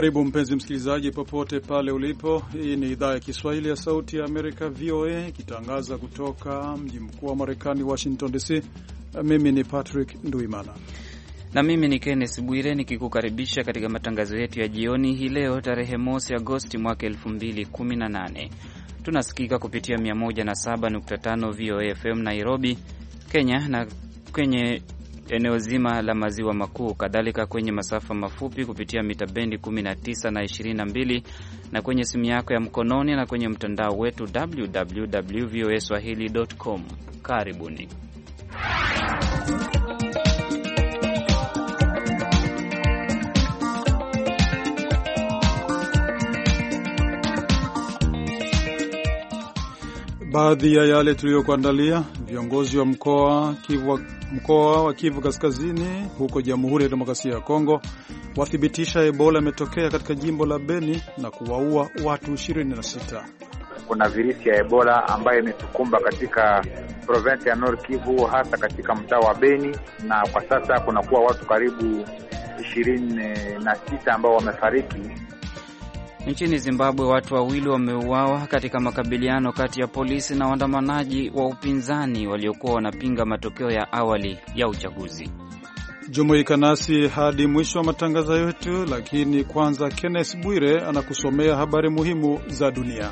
Karibu mpenzi msikilizaji, popote pale ulipo. Hii ni idhaa ya Kiswahili ya Sauti ya Amerika, VOA, ikitangaza kutoka mji mkuu wa Marekani, Washington DC. Mimi ni Patrick Nduimana na mimi ni Kennes Bwire nikikukaribisha katika matangazo yetu ya jioni hii leo tarehe mosi Agosti mwaka 2018. Tunasikika kupitia 107.5 VOA FM Nairobi, Kenya na kwenye eneo zima la maziwa makuu, kadhalika kwenye masafa mafupi kupitia mita bendi 19 na 22 na kwenye simu yako ya mkononi na kwenye mtandao wetu www voa swahili.com. Karibuni. Baadhi ya yale tuliyokuandalia: Viongozi wa mkoa, Kivu, mkoa wa Kivu Kaskazini huko Jamhuri ya Demokrasia ya Kongo wathibitisha Ebola imetokea katika jimbo la Beni na kuwaua watu 26. Kuna virusi ya Ebola ambayo imetukumba katika provensi ya Nord Kivu, hasa katika mtaa wa Beni, na kwa sasa kunakuwa watu karibu 26 ambao wamefariki. Nchini Zimbabwe watu wawili wameuawa katika makabiliano kati ya polisi na waandamanaji wa upinzani waliokuwa wanapinga matokeo ya awali ya uchaguzi. Jumuika nasi hadi mwisho wa matangazo yetu, lakini kwanza, Kenneth Bwire anakusomea habari muhimu za dunia.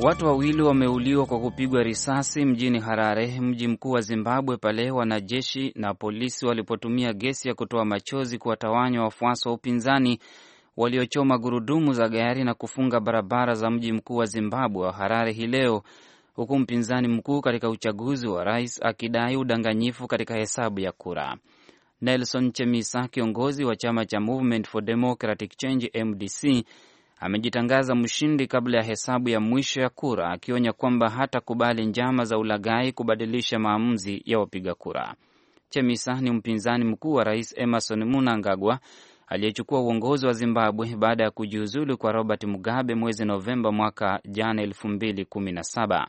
Watu wawili wameuliwa kwa kupigwa risasi mjini Harare, mji mkuu wa Zimbabwe, pale wanajeshi na polisi walipotumia gesi ya kutoa machozi kuwatawanya wafuasi wa upinzani waliochoma gurudumu za gari na kufunga barabara za mji mkuu wa Zimbabwe wa Harare hii leo, huku mpinzani mkuu katika uchaguzi wa rais akidai udanganyifu katika hesabu ya kura. Nelson Chamisa, kiongozi wa chama cha Movement for Democratic Change MDC, amejitangaza mshindi kabla ya hesabu ya mwisho ya kura, akionya kwamba hatakubali njama za ulaghai kubadilisha maamuzi ya wapiga kura. Chemisa ni mpinzani mkuu wa rais Emerson Munangagwa aliyechukua uongozi wa Zimbabwe baada ya kujiuzulu kwa Robert Mugabe mwezi Novemba mwaka jana 2017.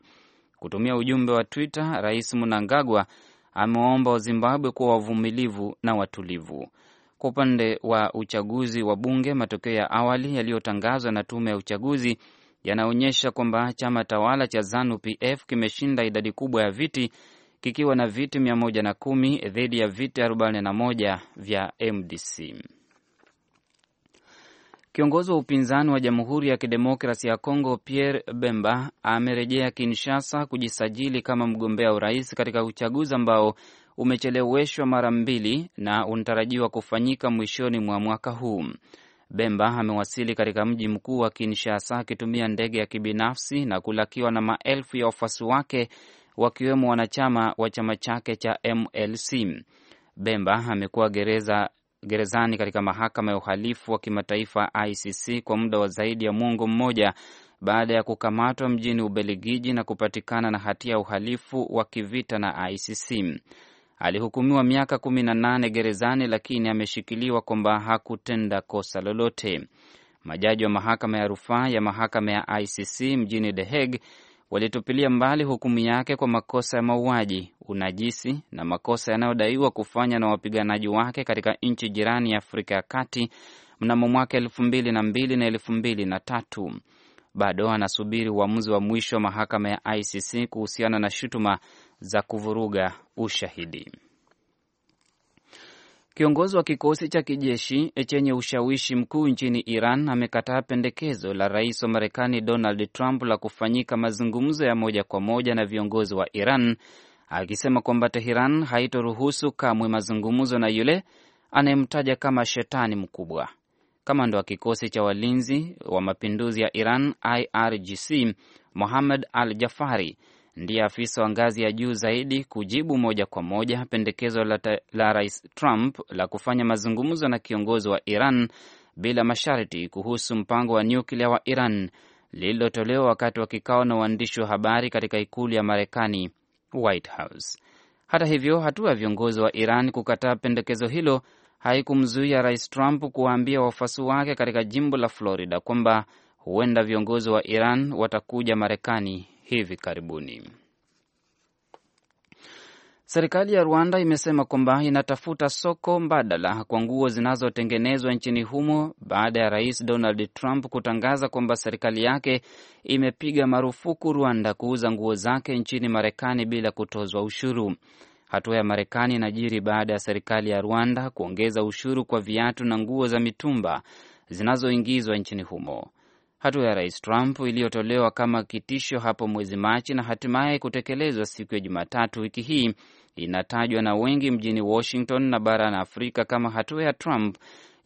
Kutumia ujumbe wa Twitter, Rais Munangagwa amewaomba Wazimbabwe kuwa wavumilivu na watulivu. Kwa upande wa uchaguzi wa bunge, matokeo ya awali yaliyotangazwa na tume ya uchaguzi yanaonyesha kwamba chama tawala cha ZANU PF kimeshinda idadi kubwa ya viti kikiwa na viti 110 dhidi ya viti 41 vya MDC. Kiongozi wa upinzani wa Jamhuri ya Kidemokrasi ya Kongo Pierre Bemba amerejea Kinshasa kujisajili kama mgombea urais katika uchaguzi ambao umecheleweshwa mara mbili na unatarajiwa kufanyika mwishoni mwa mwaka huu. Bemba amewasili katika mji mkuu wa Kinshasa akitumia ndege ya kibinafsi na kulakiwa na maelfu ya wafuasi wake wakiwemo wanachama wa chama chake cha MLC. Bemba amekuwa gereza, gerezani katika mahakama ya uhalifu wa kimataifa ICC kwa muda wa zaidi ya mwongo mmoja baada ya kukamatwa mjini Ubeligiji na kupatikana na hatia ya uhalifu wa kivita na ICC alihukumiwa miaka kumi na nane gerezani, lakini ameshikiliwa kwamba hakutenda kosa lolote. Majaji wa mahakama ya rufaa ya mahakama ya ICC mjini The Hague walitupilia mbali hukumu yake kwa makosa ya mauaji, unajisi na makosa yanayodaiwa kufanya na wapiganaji wake katika nchi jirani ya Afrika ya Kati mnamo mwaka elfu mbili na mbili na elfu mbili na tatu. Bado anasubiri uamuzi wa mwisho wa mahakama ya ICC kuhusiana na shutuma za kuvuruga ushahidi. Kiongozi wa kikosi cha kijeshi chenye ushawishi mkuu nchini Iran amekataa pendekezo la rais wa Marekani Donald Trump la kufanyika mazungumzo ya moja kwa moja na viongozi wa Iran, akisema kwamba Teheran haitoruhusu kamwe mazungumzo na yule anayemtaja kama shetani mkubwa. Kamanda wa kikosi cha walinzi wa mapinduzi ya Iran, IRGC, Mohammad Al Jafari ndiye afisa wa ngazi ya juu zaidi kujibu moja kwa moja pendekezo la, la Rais Trump la kufanya mazungumzo na kiongozi wa Iran bila masharti kuhusu mpango wa nyuklia wa Iran lililotolewa wakati wa kikao na waandishi wa habari katika ikulu ya Marekani, White House. Hata hivyo, hatua ya viongozi wa Iran kukataa pendekezo hilo haikumzuia Rais Trump kuwaambia wafuasi wake katika jimbo la Florida kwamba huenda viongozi wa Iran watakuja Marekani hivi karibuni. Serikali ya Rwanda imesema kwamba inatafuta soko mbadala kwa nguo zinazotengenezwa nchini humo baada ya Rais Donald Trump kutangaza kwamba serikali yake imepiga marufuku Rwanda kuuza nguo zake nchini Marekani bila kutozwa ushuru. Hatua ya Marekani inajiri baada ya serikali ya Rwanda kuongeza ushuru kwa viatu na nguo za mitumba zinazoingizwa nchini humo. Hatua ya rais Trump iliyotolewa kama kitisho hapo mwezi Machi na hatimaye kutekelezwa siku ya Jumatatu wiki hii inatajwa na wengi mjini Washington na barani Afrika kama hatua ya Trump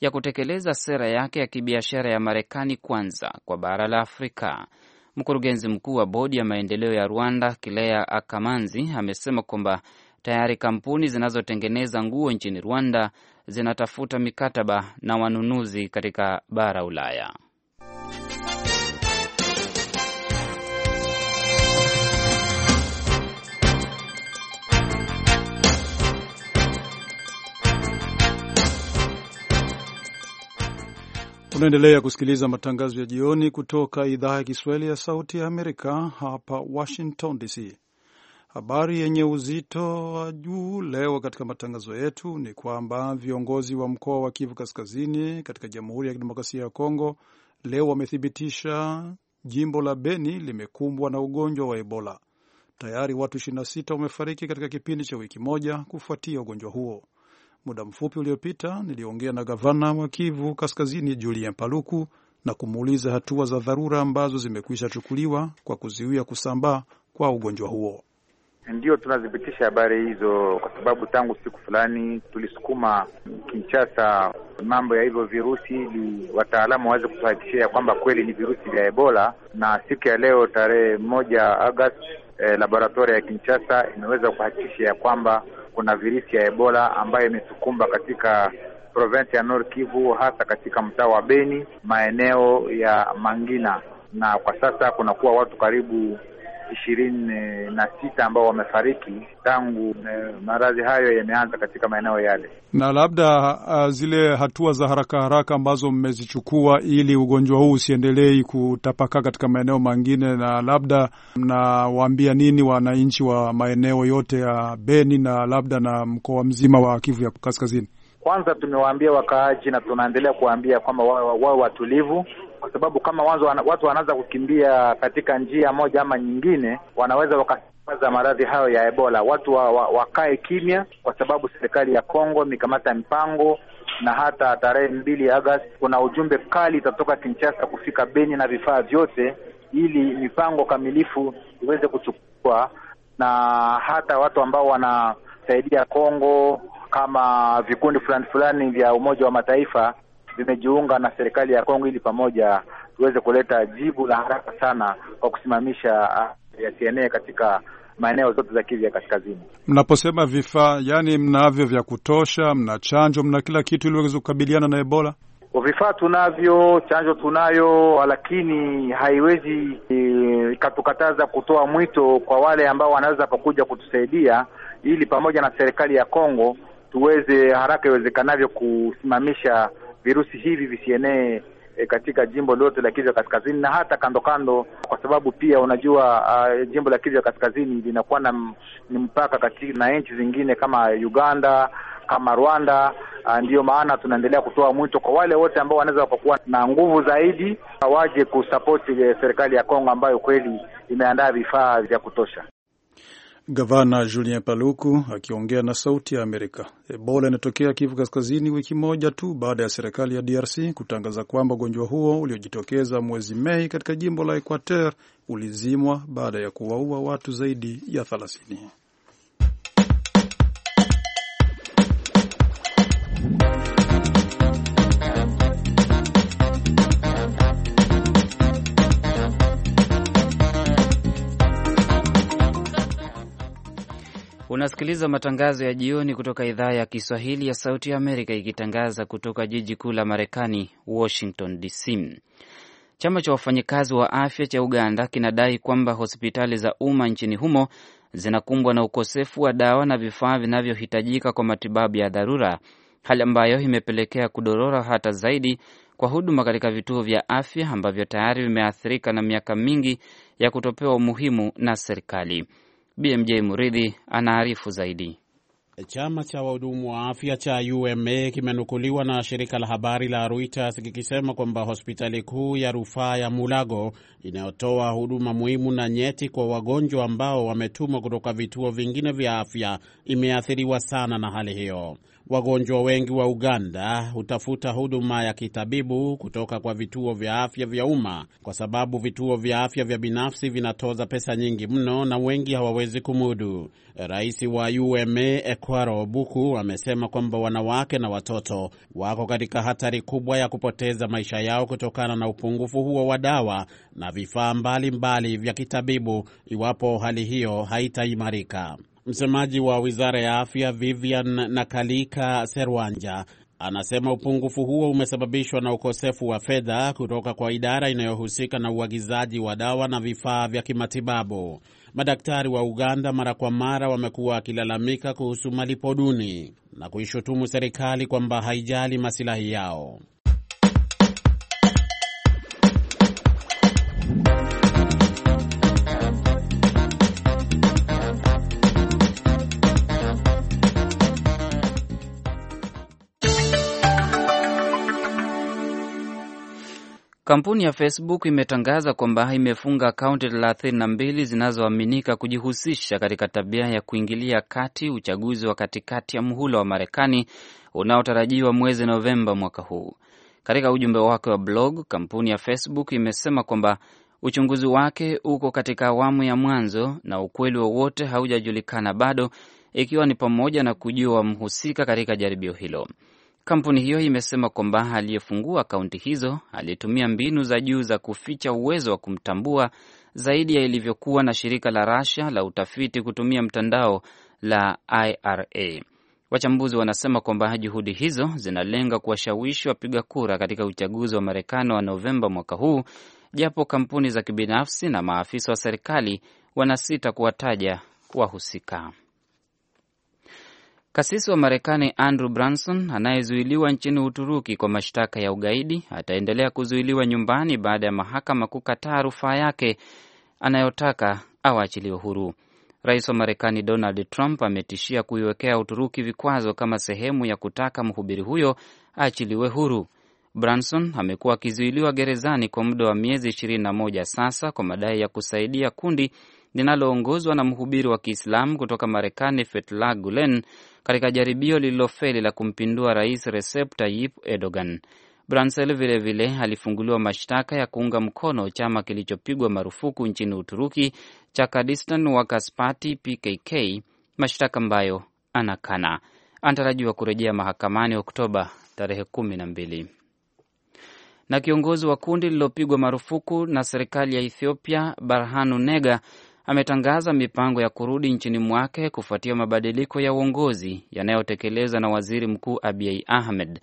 ya kutekeleza sera yake ya kibiashara ya Marekani kwanza kwa bara la Afrika. Mkurugenzi mkuu wa bodi ya maendeleo ya Rwanda, Kilea Akamanzi, amesema kwamba tayari kampuni zinazotengeneza nguo nchini Rwanda zinatafuta mikataba na wanunuzi katika bara Ulaya. Unaendelea kusikiliza matangazo ya jioni kutoka idhaa ya Kiswahili ya Sauti ya Amerika hapa Washington DC. Habari yenye uzito wa juu leo katika matangazo yetu ni kwamba viongozi wa mkoa wa Kivu Kaskazini katika Jamhuri ya Kidemokrasia ya Kongo leo wamethibitisha jimbo la Beni limekumbwa na ugonjwa wa Ebola. Tayari watu 26 wamefariki katika kipindi cha wiki moja kufuatia ugonjwa huo. Muda mfupi uliopita niliongea na gavana wa Kivu Kaskazini Julien Paluku na kumuuliza hatua za dharura ambazo zimekwisha chukuliwa kwa kuzuia kusambaa kwa ugonjwa huo. ndio tunazipitisha habari hizo kwa sababu tangu siku fulani tulisukuma Kinshasa mambo ya hivyo virusi ili wataalamu waweze kutuhakikishia ya kwamba kweli ni virusi vya Ebola. Na siku ya leo tarehe moja Agosti eh, laboratoria ya Kinshasa imeweza kuhakikisha ya kwamba kuna virusi ya Ebola ambayo imetukumba katika provinsi ya Nord Kivu, hasa katika mtaa wa Beni, maeneo ya Mangina, na kwa sasa kunakuwa watu karibu ishirini na sita ambao wamefariki tangu eh, maradhi hayo yameanza katika maeneo yale. Na labda uh, zile hatua za haraka haraka ambazo mmezichukua ili ugonjwa huu usiendelei kutapakaa katika maeneo mengine, na labda mnawaambia nini wananchi wa maeneo yote ya Beni na labda na mkoa mzima wa Kivu ya Kaskazini? Kwanza tumewaambia wakaaji na tunaendelea kuwaambia kwamba wawe watulivu kwa sababu kama wanzo, watu wanaanza kukimbia katika njia moja ama nyingine, wanaweza wakasambaza maradhi hayo ya Ebola. Watu wa, wa, wakae kimya, kwa sababu serikali ya Kongo imekamata mpango na hata tarehe mbili Agosti kuna ujumbe kali itatoka Kinshasa kufika Beni na vifaa vyote, ili mipango kamilifu iweze kuchukua, na hata watu ambao wanasaidia Kongo kama vikundi fulani fulani vya Umoja wa Mataifa vimejiunga na serikali ya Kongo ili pamoja tuweze kuleta jibu la haraka sana kwa kusimamisha uh, ya CNA katika maeneo zote za Kivu ya kaskazini. Mnaposema vifaa, yani mnavyo vya kutosha, mna chanjo, mna kila kitu ili uweze kukabiliana na Ebola? Vifaa tunavyo, chanjo tunayo, lakini haiwezi ikatukataza eh, kutoa mwito kwa wale ambao wanaweza pakuja kutusaidia ili pamoja na serikali ya Kongo tuweze haraka iwezekanavyo kusimamisha virusi hivi visienee E, katika jimbo lote la Kivu ya Kaskazini na hata kando kando, kwa sababu pia unajua uh, jimbo la Kivu ya Kaskazini linakuwa na ni mpaka kati na nchi zingine kama Uganda kama Rwanda. Uh, ah, ndiyo maana tunaendelea kutoa mwito kwa wale wote ambao wanaweza wakakuwa na nguvu zaidi waje kusapoti eh, serikali ya Kongo ambayo kweli imeandaa vifaa vya kutosha. Gavana Julien Paluku akiongea na Sauti ya Amerika. Ebola inatokea Kivu Kaskazini wiki moja tu baada ya serikali ya DRC kutangaza kwamba ugonjwa huo uliojitokeza mwezi Mei katika jimbo la Equateur ulizimwa baada ya kuwaua watu zaidi ya thelathini. Unasikiliza matangazo ya jioni kutoka idhaa ya Kiswahili ya Sauti ya Amerika ikitangaza kutoka jiji kuu la Marekani, Washington DC. Chama cha wafanyakazi wa afya cha Uganda kinadai kwamba hospitali za umma nchini humo zinakumbwa na ukosefu wa dawa na vifaa vinavyohitajika kwa matibabu ya dharura, hali ambayo imepelekea kudorora hata zaidi kwa huduma katika vituo vya afya ambavyo tayari vimeathirika na miaka mingi ya kutopewa umuhimu na serikali. BMJ Muridhi anaarifu zaidi. Chama cha wahudumu wa afya cha UMA kimenukuliwa na shirika la habari la Reuters kikisema kwamba hospitali kuu ya rufaa ya Mulago inayotoa huduma muhimu na nyeti kwa wagonjwa ambao wametumwa kutoka vituo vingine vya afya imeathiriwa sana na hali hiyo wagonjwa wengi wa Uganda hutafuta huduma ya kitabibu kutoka kwa vituo vya afya vya umma kwa sababu vituo vya afya vya binafsi vinatoza pesa nyingi mno na wengi hawawezi kumudu. Rais wa UMA Ekwaro Obuku amesema kwamba wanawake na watoto wako katika hatari kubwa ya kupoteza maisha yao kutokana na upungufu huo wa dawa na vifaa mbalimbali vya kitabibu iwapo hali hiyo haitaimarika. Msemaji wa wizara ya afya Vivian Nakalika Serwanja anasema upungufu huo umesababishwa na ukosefu wa fedha kutoka kwa idara inayohusika na uagizaji wa dawa na vifaa vya kimatibabu. Madaktari wa Uganda mara kwa mara wamekuwa wakilalamika kuhusu malipo duni na kuishutumu serikali kwamba haijali masilahi yao. Kampuni ya Facebook imetangaza kwamba imefunga akaunti 32 zinazoaminika kujihusisha katika tabia ya kuingilia kati uchaguzi wa katikati ya mhula wa Marekani unaotarajiwa mwezi Novemba mwaka huu. Katika ujumbe wake wa blog, kampuni ya Facebook imesema kwamba uchunguzi wake uko katika awamu ya mwanzo na ukweli wowote haujajulikana bado, ikiwa ni pamoja na kujua mhusika katika jaribio hilo. Kampuni hiyo imesema kwamba aliyefungua akaunti hizo alitumia mbinu za juu za kuficha uwezo wa kumtambua zaidi ya ilivyokuwa na shirika la Russia la utafiti kutumia mtandao la IRA. Wachambuzi wanasema kwamba juhudi hizo zinalenga kuwashawishi wapiga kura katika uchaguzi wa Marekani wa Novemba mwaka huu, japo kampuni za kibinafsi na maafisa wa serikali wanasita kuwataja wahusika. Kasisi wa Marekani Andrew Branson anayezuiliwa nchini Uturuki kwa mashtaka ya ugaidi ataendelea kuzuiliwa nyumbani baada ya mahakama kukataa rufaa yake anayotaka awaachiliwe huru. Rais wa Marekani Donald Trump ametishia kuiwekea Uturuki vikwazo kama sehemu ya kutaka mhubiri huyo aachiliwe huru. Branson amekuwa akizuiliwa gerezani kwa muda wa miezi 21 sasa kwa madai ya kusaidia kundi linaloongozwa na mhubiri wa Kiislamu kutoka Marekani Fethullah Gulen katika jaribio lililofeli la kumpindua Rais Recep Tayyip Erdogan. Bransel vilevile vile alifunguliwa mashtaka ya kuunga mkono chama kilichopigwa marufuku nchini Uturuki cha Kurdistan Workers Party PKK, mashtaka ambayo anakana. Anatarajiwa kurejea mahakamani Oktoba tarehe kumi na mbili. Na kiongozi wa kundi lililopigwa marufuku na serikali ya Ethiopia Barhanu Nega ametangaza mipango ya kurudi nchini mwake kufuatia mabadiliko ya uongozi yanayotekelezwa na waziri mkuu Abiy Ahmed.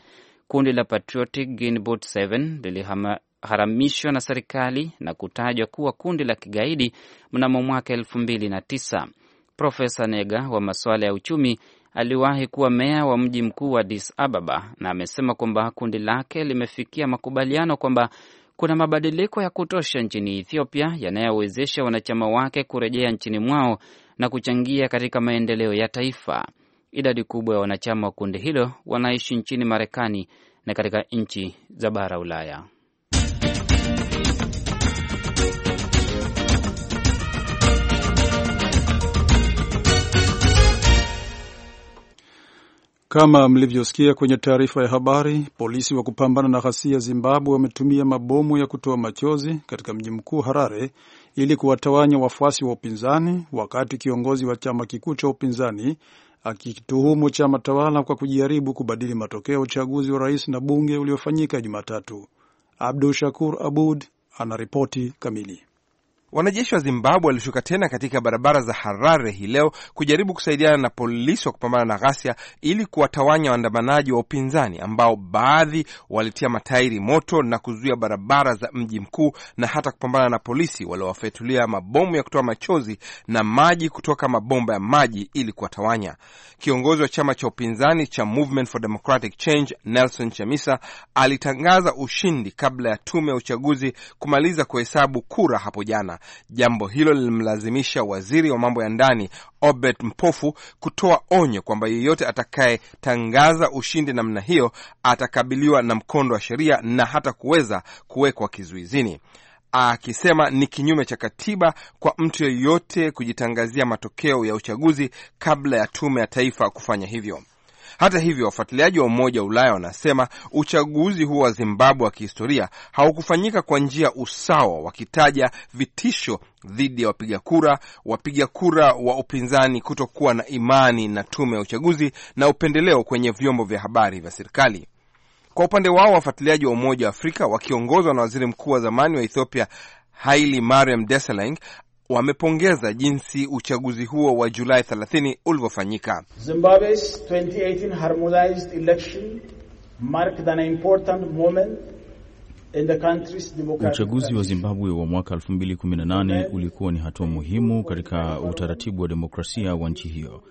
Kundi la Patriotic Ginbot 7 liliharamishwa na serikali na kutajwa kuwa kundi la kigaidi mnamo mwaka elfu mbili na tisa. Profesa Nega wa masuala ya uchumi aliwahi kuwa meya wa mji mkuu wa Addis Ababa na amesema kwamba kundi lake limefikia makubaliano kwamba kuna mabadiliko ya kutosha nchini Ethiopia yanayowezesha wanachama wake kurejea nchini mwao na kuchangia katika maendeleo ya taifa. Idadi kubwa ya wanachama wa kundi hilo wanaishi nchini Marekani na katika nchi za bara Ulaya. Kama mlivyosikia kwenye taarifa ya habari, polisi wa kupambana na ghasia Zimbabwe wametumia mabomu ya kutoa machozi katika mji mkuu Harare ili kuwatawanya wafuasi wa upinzani, wakati kiongozi wa chama kikuu cha upinzani akituhumu chama tawala kwa kujaribu kubadili matokeo ya uchaguzi wa rais na bunge uliofanyika Jumatatu. Abdu Shakur Abud anaripoti kamili. Wanajeshi wa Zimbabwe walishuka tena katika barabara za Harare hii leo kujaribu kusaidiana na polisi wa kupambana na ghasia ili kuwatawanya waandamanaji wa upinzani ambao baadhi walitia matairi moto na kuzuia barabara za mji mkuu na hata kupambana na polisi waliowafyatulia mabomu ya kutoa machozi na maji kutoka mabomba ya maji ili kuwatawanya. Kiongozi wa chama cha upinzani cha Movement for Democratic Change Nelson Chamisa alitangaza ushindi kabla ya tume ya uchaguzi kumaliza kuhesabu kura hapo jana. Jambo hilo lilimlazimisha waziri wa mambo ya ndani Obert Mpofu kutoa onyo kwamba yeyote atakayetangaza ushindi namna hiyo atakabiliwa na mkondo wa sheria na hata kuweza kuwekwa kizuizini, akisema ni kinyume cha katiba kwa mtu yeyote kujitangazia matokeo ya uchaguzi kabla ya tume ya taifa kufanya hivyo. Hata hivyo, wafuatiliaji wa Umoja wa Ulaya wanasema uchaguzi huo wa Zimbabwe wa kihistoria haukufanyika kwa njia usawa, wakitaja vitisho dhidi ya wapiga kura, wapiga kura wa upinzani kutokuwa na imani na tume ya uchaguzi na upendeleo kwenye vyombo vya habari vya serikali. Kwa upande wao wafuatiliaji wa Umoja wa Afrika wakiongozwa na waziri mkuu wa zamani wa Ethiopia Haili Mariam Desalegn wamepongeza jinsi uchaguzi huo wa Julai 30 ulivyofanyika. Zimbabwe's 2018 harmonized election marked an important moment Uchaguzi wa Zimbabwe wa mwaka 2018 ulikuwa ni hatua muhimu katika utaratibu wa demokrasia wa nchi hiyo.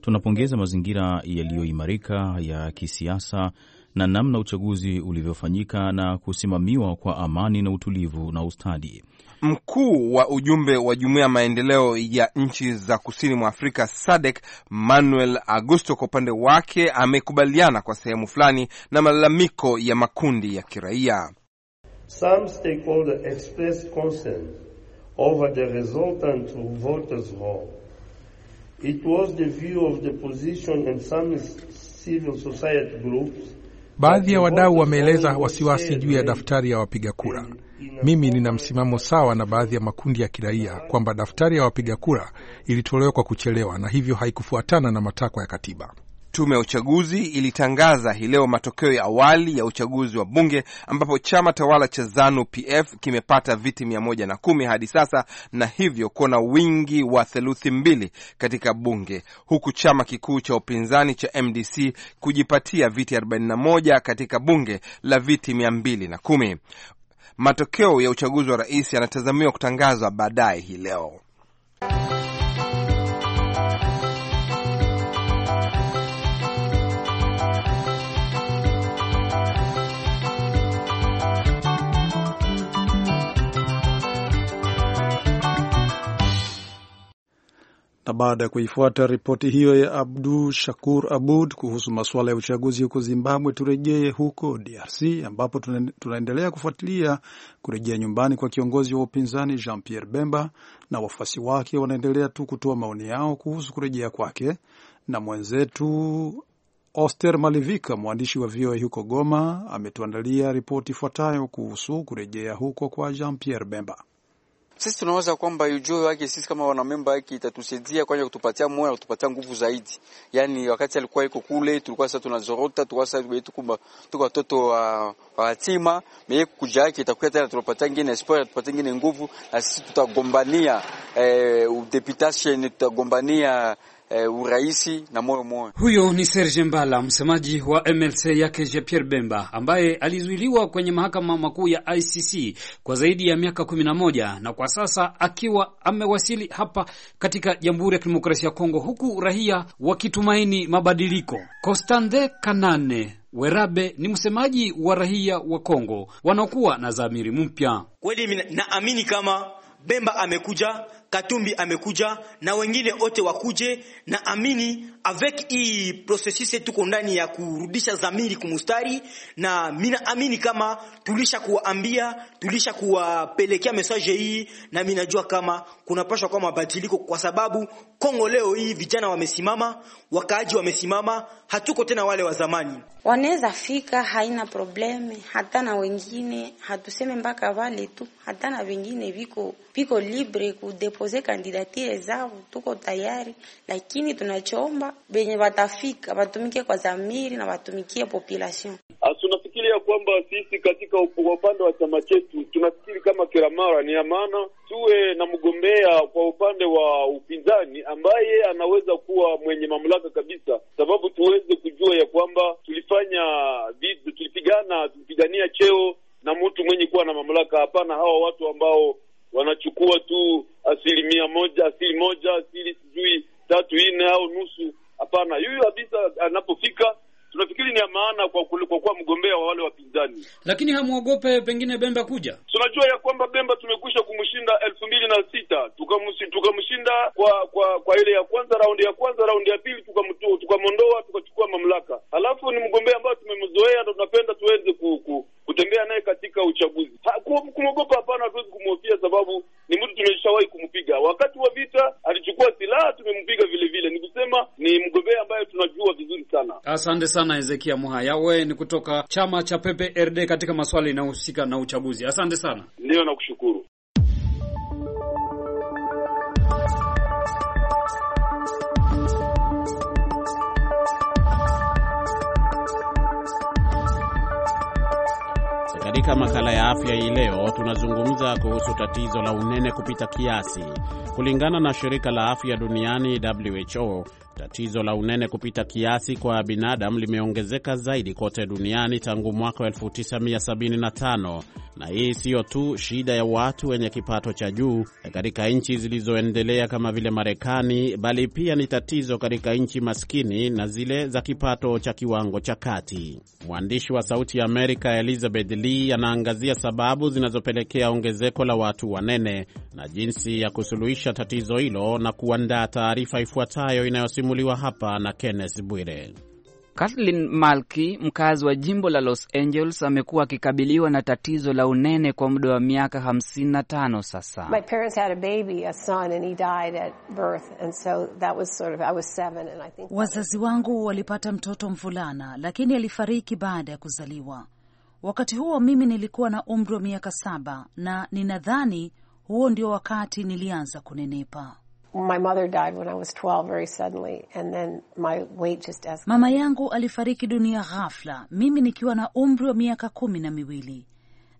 Tunapongeza mazingira yaliyoimarika ya kisiasa na namna uchaguzi ulivyofanyika na kusimamiwa kwa amani na utulivu na ustadi. Mkuu wa ujumbe wa jumuiya ya maendeleo ya nchi za kusini mwa Afrika SADC Manuel Augusto kwa upande wake amekubaliana kwa sehemu fulani na malalamiko ya makundi ya kiraia. Baadhi ya wadau wameeleza wasiwasi juu ya daftari ya wapiga kura mimi nina msimamo sawa na baadhi ya makundi ya kiraia kwamba daftari ya wapiga kura ilitolewa kwa kuchelewa na hivyo haikufuatana na matakwa ya katiba. Tume ya uchaguzi ilitangaza hii leo matokeo ya awali ya uchaguzi wa bunge ambapo chama tawala cha Zanu PF kimepata viti mia moja na kumi hadi sasa na hivyo kuona wingi wa theluthi mbili katika bunge, huku chama kikuu cha upinzani cha MDC kujipatia viti 41 katika bunge la viti mia mbili na kumi. Matokeo ya uchaguzi wa rais yanatazamiwa kutangazwa baadaye hii leo. na baada ya kuifuata ripoti hiyo ya Abdu Shakur Abud kuhusu masuala ya uchaguzi huko Zimbabwe, turejee huko DRC ambapo tunaendelea kufuatilia kurejea nyumbani kwa kiongozi wa upinzani Jean Pierre Bemba, na wafuasi wake wanaendelea tu kutoa maoni yao kuhusu kurejea kwake. Na mwenzetu Oster Malivika, mwandishi wa VOA huko Goma, ametuandalia ripoti ifuatayo kuhusu kurejea huko kwa Jean Pierre Bemba sisi tunawaza kwamba ujio wake sisi kama wanamemba yake itatusaidia kwanza kutupatia moyo na kutupatia nguvu zaidi. Yani wakati alikuwa yuko kule, tulikuwa sasa tunazorota, tulikuwa sasa kumba tuko watoto wa yatima, mimi kuja yake itakuwa tena tunapatia ngine sport, tupatia ngine nguvu, na sisi tutagombania eh, deputation tutagombania e, urahisi na moyo moyo. Huyo ni Serge Mbala, msemaji wa MLC yake Jean Pierre Bemba, ambaye alizuiliwa kwenye mahakama makuu ya ICC kwa zaidi ya miaka kumi na moja na kwa sasa akiwa amewasili hapa katika Jamhuri ya Kidemokrasia ya Kongo, huku raia wakitumaini mabadiliko. costande Kanane Werabe ni msemaji wa raia wa Kongo wanaokuwa na zamiri mpya. Kweli naamini kama Bemba amekuja Katumbi amekuja na wengine wote wakuje na amini avec hii processus tuko ndani ya kurudisha zamiri kumustari, na mina amini kama tulisha kuwaambia, tulisha kuwapelekea message hii, na mimi najua kama kunapashwa kwa mabadiliko, kwa sababu Kongo leo hii vijana wamesimama, wakaaji wamesimama, hatuko tena wale wa zamani. Wanaweza fika, haina probleme, hata na wengine hatuseme mpaka wale tu, hata na wengine viko viko libre ku tumepoze kandidatire zao, tuko tayari, lakini tunachoomba benye watafika watumikie kwa zamiri na watumikie population. Ah, tunafikiria kwamba sisi katika upande wa chama chetu tunafikiri kama kila mara ni ya maana tuwe na mgombea kwa upande wa upinzani ambaye anaweza kuwa mwenye mamlaka kabisa, sababu tuweze kujua ya kwamba tulifanya vitu, tulipigana, tulipigania cheo na mtu mwenye kuwa na mamlaka. Hapana hawa watu ambao wanachukua tu mia moja asili moja asili sijui tatu nne au nusu. Hapana, yuyu kabisa anapofika tunafikiri ni ya maana kwa, kwa kuwa mgombea wa wale wapinzani. Lakini hamwogope pengine Bemba kuja? Tunajua ya kwamba Bemba tumekwisha kumshinda elfu mbili na sita tukamshinda kwa kwa kwa ile ya kwanza, raundi ya kwanza, raundi ya pili tukamwondoa, tukachukua mamlaka. Alafu ni mgombea ambayo tumemzoea na tunapenda tuweze ku, ku, kutembea naye katika uchaguzi. Kumwogopa hapana, hatuwezi kumhofia sababu ni mtu tumeshawahi kumpiga wakati wa vita, alichukua silaha, tumempiga vilevile Ni kusema ni mgombea ambaye tunajua vizuri sana. Asante sana Hezekia Muhaya, we ni kutoka chama cha PPRD katika maswala inayohusika na uchaguzi. Asante sana, ndiyo nakushukuru. katika makala ya afya hii leo tunazungumza kuhusu tatizo la unene kupita kiasi. Kulingana na shirika la afya duniani WHO, Tatizo la unene kupita kiasi kwa binadamu limeongezeka zaidi kote duniani tangu mwaka 1975 na hii siyo tu shida ya watu wenye kipato cha juu katika nchi zilizoendelea kama vile Marekani, bali pia ni tatizo katika nchi maskini na zile za kipato cha kiwango cha kati. Mwandishi wa Sauti ya Amerika Elizabeth Lee anaangazia sababu zinazopelekea ongezeko la watu wanene na jinsi ya kusuluhisha tatizo hilo na kuandaa taarifa ifuatayo inayosimu yanasimuliwa hapa na Kenneth Bwire. Kathleen Malki, mkazi wa jimbo la Los Angeles, amekuwa akikabiliwa na tatizo la unene kwa muda wa miaka 55 sasa. Wazazi wangu walipata mtoto mvulana, lakini alifariki baada ya kuzaliwa. Wakati huo mimi nilikuwa na umri wa miaka saba, na ninadhani huo ndio wakati nilianza kunenepa. My mother died when I was 12 very suddenly and then my weight just escalated. Mama yangu alifariki dunia ghafla mimi nikiwa na umri wa miaka kumi na miwili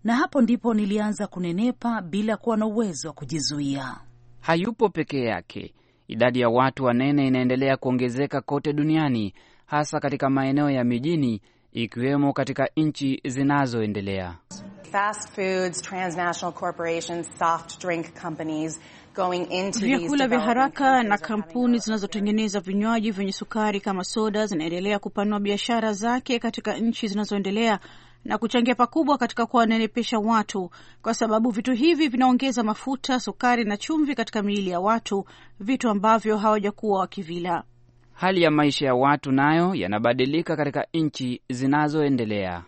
na hapo ndipo nilianza kunenepa bila kuwa na uwezo wa kujizuia. Hayupo pekee yake. Idadi ya watu wanene inaendelea kuongezeka kote duniani, hasa katika maeneo ya mijini, ikiwemo katika nchi zinazoendelea vyakula vya haraka na kampuni zinazotengeneza vinywaji vyenye sukari kama soda zinaendelea kupanua biashara zake katika nchi zinazoendelea na kuchangia pakubwa katika kuwanenepesha watu, kwa sababu vitu hivi vinaongeza mafuta, sukari na chumvi katika miili ya watu, vitu ambavyo hawajakuwa wakivila. Hali ya maisha ya watu nayo yanabadilika katika nchi zinazoendelea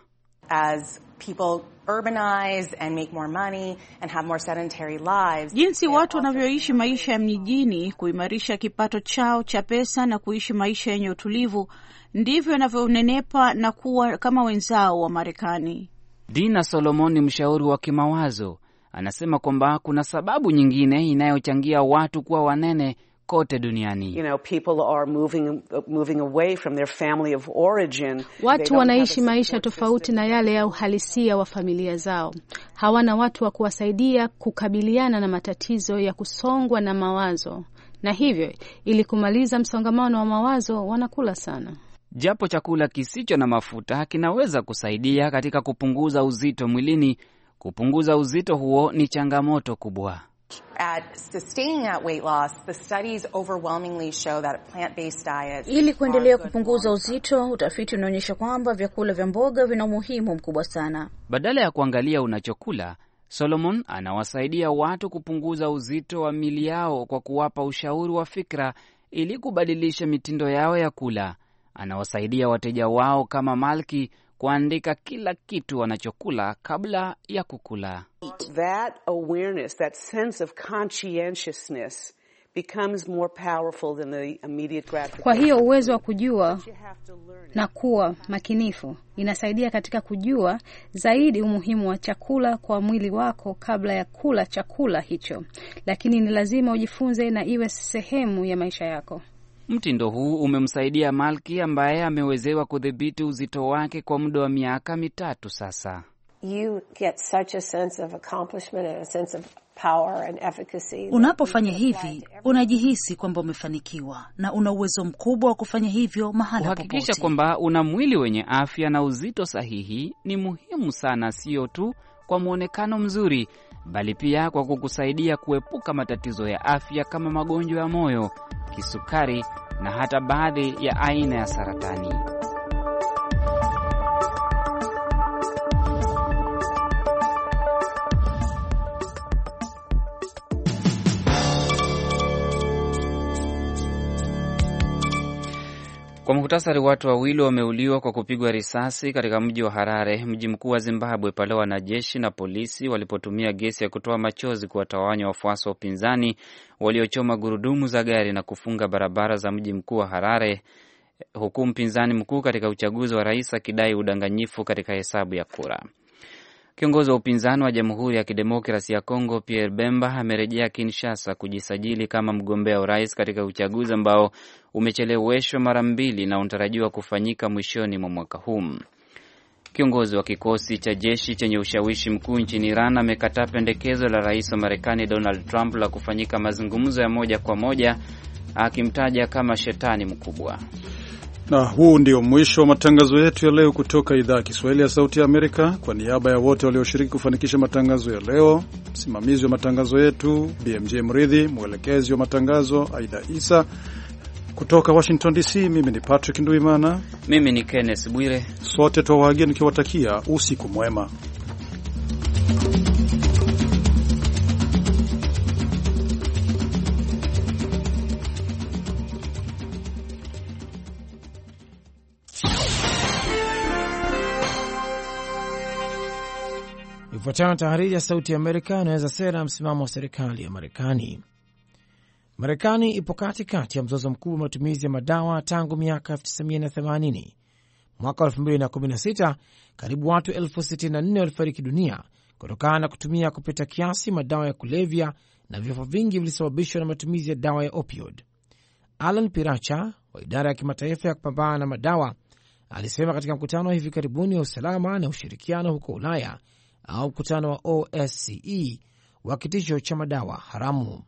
people urbanize and make more money and have more sedentary lives. Jinsi watu wanavyoishi maisha ya mjini, kuimarisha kipato chao cha pesa na kuishi maisha yenye utulivu, ndivyo wanavyonenepa na kuwa kama wenzao wa Marekani. Dina Solomon ni mshauri wa kimawazo, anasema kwamba kuna sababu nyingine inayochangia watu kuwa wanene kote duniani. You know, people are moving, moving away from their family of origin. Watu wanaishi maisha tofauti na yale ya uhalisia wa familia zao. Hawana watu wa kuwasaidia kukabiliana na matatizo ya kusongwa na mawazo, na hivyo ili kumaliza msongamano wa mawazo wanakula sana. Japo chakula kisicho na mafuta kinaweza kusaidia katika kupunguza uzito mwilini, kupunguza uzito huo ni changamoto kubwa. Ili kuendelea kupunguza uzito, utafiti unaonyesha kwamba vyakula vya mboga vina umuhimu mkubwa sana. Badala ya kuangalia unachokula, Solomon anawasaidia watu kupunguza uzito wa mili yao kwa kuwapa ushauri wa fikra ili kubadilisha mitindo yao ya kula. Anawasaidia wateja wao kama Malki kuandika kila kitu wanachokula kabla ya kukula. That awareness, that sense of conscientiousness becomes more powerful than the immediate gratification. Kwa hiyo uwezo wa kujua na kuwa makinifu inasaidia katika kujua zaidi umuhimu wa chakula kwa mwili wako kabla ya kula chakula hicho, lakini ni lazima ujifunze na iwe sehemu ya maisha yako. Mtindo huu umemsaidia Malki ambaye amewezewa kudhibiti uzito wake kwa muda wa miaka mitatu sasa. Unapofanya hivi unajihisi kwamba umefanikiwa na una uwezo mkubwa wa kufanya hivyo mahala popote. Kuhakikisha kwamba una mwili wenye afya na uzito sahihi ni muhimu sana, sio tu kwa mwonekano mzuri, bali pia kwa kukusaidia kuepuka matatizo ya afya kama magonjwa ya moyo, kisukari na hata baadhi ya aina ya saratani. Kwa muhtasari, watu wawili wameuliwa kwa kupigwa risasi katika mji wa Harare, mji mkuu wa Zimbabwe, pale wanajeshi na polisi walipotumia gesi ya kutoa machozi kuwatawanya wafuasi wa upinzani waliochoma gurudumu za gari na kufunga barabara za mji mkuu wa Harare, huku mpinzani mkuu katika uchaguzi wa rais akidai udanganyifu katika hesabu ya kura. Kiongozi wa upinzani wa Jamhuri ya Kidemokrasi ya Kongo Pierre Bemba amerejea Kinshasa kujisajili kama mgombea urais katika uchaguzi ambao umecheleweshwa mara mbili na unatarajiwa kufanyika mwishoni mwa mwaka huu. Kiongozi wa kikosi cha jeshi chenye ushawishi mkuu nchini Iran amekataa pendekezo la rais wa Marekani Donald Trump la kufanyika mazungumzo ya moja kwa moja akimtaja kama shetani mkubwa. Na huu ndio mwisho wa matangazo yetu ya leo kutoka idhaa ya Kiswahili ya Sauti ya Amerika. Kwa niaba ya wote walioshiriki kufanikisha matangazo ya leo, msimamizi wa matangazo yetu BMJ Mridhi, mwelekezi wa matangazo Aida Isa kutoka Washington DC, mimi ni Patrick Nduimana, mimi ni Kenneth Bwire, sote twawaagia nikiwatakia usiku mwema. Ifuatayo na tahariri ya Sauti ya Amerika inaweza sera ya msimamo wa serikali ya Marekani. Marekani ipo katikati ya mzozo mkubwa wa matumizi ya madawa tangu miaka 1980. Mwaka 2016 karibu watu 64 walifariki dunia kutokana na kutumia kupita kiasi madawa ya kulevya, na vifo vingi vilisababishwa na matumizi ya dawa ya opioid. Alan Piracha wa idara ya kimataifa ya kupambana na madawa alisema katika mkutano wa hivi karibuni wa usalama na ushirikiano huko Ulaya au mkutano wa OSCE wa kitisho cha madawa haramu.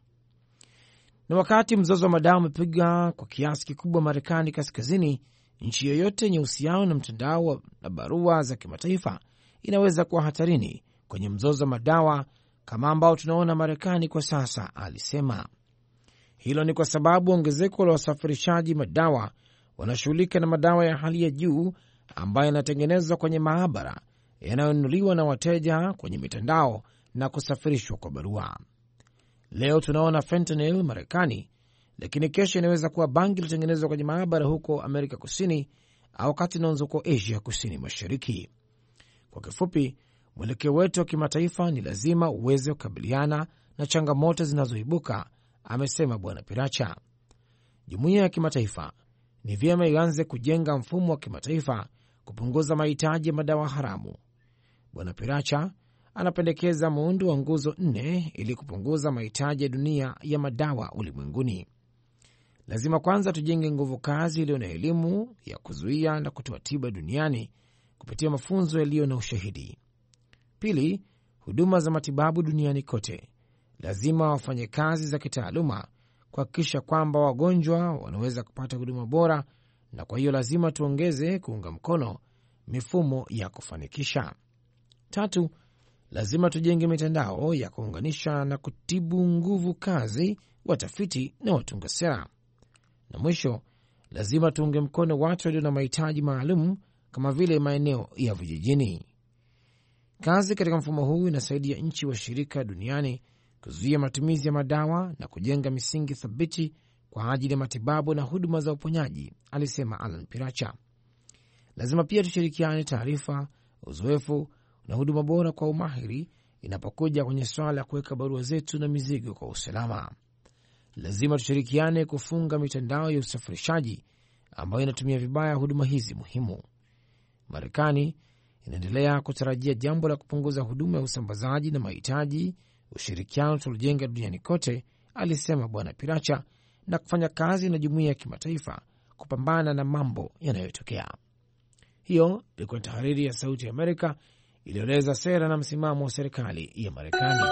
Na wakati mzozo wa madawa umepiga kwa kiasi kikubwa Marekani kaskazini, nchi yoyote yenye uhusiano na mtandao na barua za kimataifa inaweza kuwa hatarini kwenye mzozo wa madawa kama ambao tunaona Marekani kwa sasa, alisema. Hilo ni kwa sababu ongezeko la wasafirishaji madawa wanashughulika na madawa ya hali ya juu ambayo yanatengenezwa kwenye maabara yanayonunuliwa na wateja kwenye mitandao na kusafirishwa kwa barua. Leo tunaona fentanyl Marekani, lakini kesho inaweza kuwa bangi ilitengenezwa kwenye maabara huko Amerika Kusini au Cottonmouth huko Asia Kusini Mashariki. Kwa kifupi, mwelekeo wetu wa kimataifa ni lazima uweze kukabiliana na changamoto zinazoibuka, amesema Bwana Piracha. Jumuiya ya kimataifa ni vyema ianze kujenga mfumo wa kimataifa kupunguza mahitaji ya madawa haramu Bwana Piracha anapendekeza muundo wa nguzo nne ili kupunguza mahitaji ya dunia ya madawa ulimwenguni. Lazima kwanza tujenge nguvu kazi iliyo na elimu ya kuzuia na kutoa tiba duniani kupitia mafunzo yaliyo na ushahidi. Pili, huduma za matibabu duniani kote lazima wafanye kazi za kitaaluma kuhakikisha kwamba wagonjwa wanaweza kupata huduma bora, na kwa hiyo lazima tuongeze kuunga mkono mifumo ya kufanikisha. Tatu, lazima tujenge mitandao ya kuunganisha na kutibu nguvu kazi watafiti na watunga sera. Na mwisho, lazima tuunge mkono watu walio na mahitaji maalum kama vile maeneo ya vijijini. Kazi katika mfumo huu inasaidia nchi washirika duniani kuzuia matumizi ya madawa na kujenga misingi thabiti kwa ajili ya matibabu na huduma za uponyaji, alisema Alan Piracha. Lazima pia tushirikiane taarifa, uzoefu na huduma bora kwa umahiri inapokuja kwenye swala ya kuweka barua zetu na mizigo kwa usalama. Lazima tushirikiane kufunga mitandao ya usafirishaji ambayo inatumia vibaya huduma hizi muhimu. Marekani inaendelea kutarajia jambo la kupunguza huduma ya usambazaji na mahitaji, ushirikiano tuliojenga duniani kote, alisema Bwana Piracha, na kufanya kazi na jumuiya ya kimataifa kupambana na mambo yanayotokea. Hiyo ilikuwa tahariri ya Sauti ya Amerika iliyoeleza sera na msimamo wa serikali ya Marekani.